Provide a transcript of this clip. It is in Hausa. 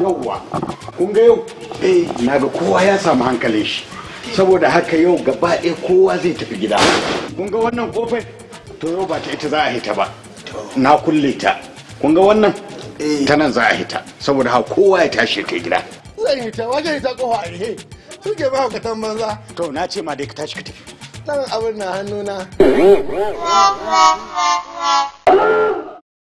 yauwa kun ga yau eh na ga kowa ya samu hankalin shi saboda haka yau gaba ɗaya kowa zai tafi gida kun ga wannan kofai to yau ba ta ita za a hita ba na kulle ta kun ga wannan eh. ta nan za a hita saboda haka kowa ya tashi kai gida zai hita wajen hita kofa a rihe suke ba ka tan banza to na ce ma dai ka tashi ka tafi dan abin na hannuna